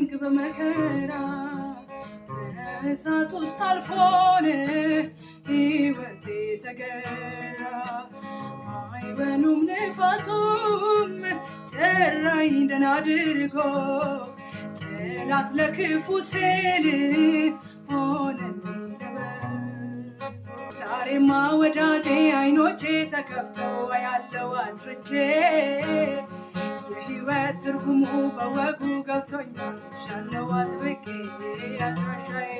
በጭንቅ በመከራ እሳት ውስጥ አልፎን ሕይወቴ ተገራ አይበሉም ንፋሱም ሰራኝ ደህና አድርጎ ጠላት ለክፉ ስል ሆነ ዛሬማ ወዳጄ አይኖቼ ተከፍተው ያለው አድርቼ ትርጉሙ በወጉ ገብቶኛል ሻለው አጥብቄ አድራሻዬ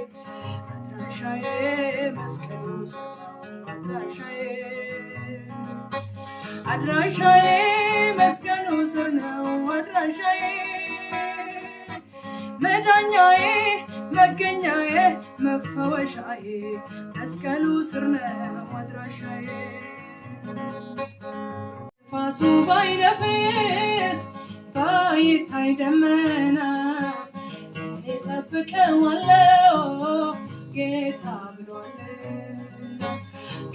አድራሻዬ መስቀሉ አድራሻዬ መስቀሉ ስር ነው አድራሻዬ መዳኛዬ መገኛዬ መፈወሻዬ መስቀሉ ስር ነው አድራሻዬ ፋሱ ባይነፍስ ባይታይ ደመና እጠብቀዋለሁ ጌታ ብሏል።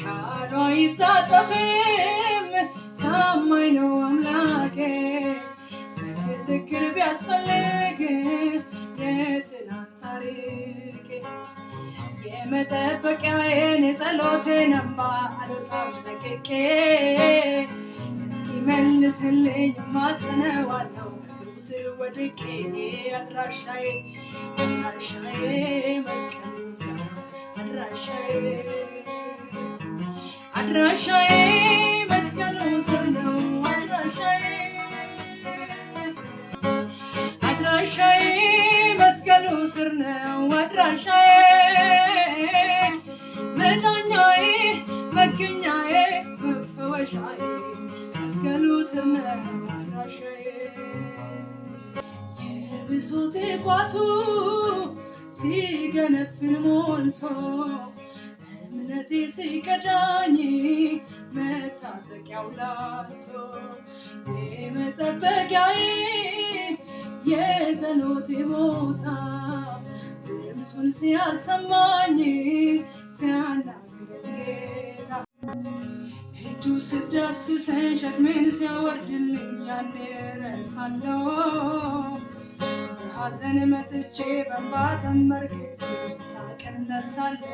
ቃሏ ይታጠፍም ታማኝ ነው አምላኬ። ምስክር ቢያስፈልግ የትናንት ታሪኬ የመጠበቂያዬ ጸሎቴንማ አልወጣም ለቅቄ እስኪ መልስልኝ ማጽነዋለው ስር ወድቄ አድራሻዬ አድራሻዬ መስቀል አድራሻዬ አድራሻዬ መስቀሉ ስር ነው አድራሻዬ አድራሻዬ መስቀሉ ስር ነው አድራሻዬ መዳኛዬ መገኛዬ መፈወሻዬ መስቀሉ ስር ነው የብሶቴ ቋቱ ሲገነፍን ሞልቶ እምነቴ ሲቀዳኝ መታጠቂያው ላቶ የመጠበቂያዬ የጸሎቴ ቦታ ድምፁን ሲያሰማኝ እጁ ስትዳስሰኝ ሸክሜን ሲያወርድልኝ ያኔ እረሳለሁ። በሐዘን መጥቼ በእንባ ተንበርክኬ ሳቅን እነሳለሁ።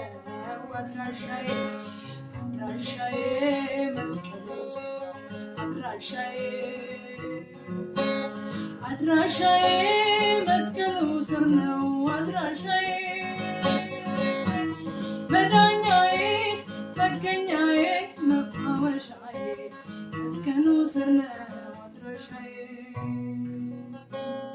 አድራሻዬ አድራሻዬ መስቀል አድራሻዬ አድራሻዬ መስቀሉ ስር ነው አድራሻዬ es que no se me otra ya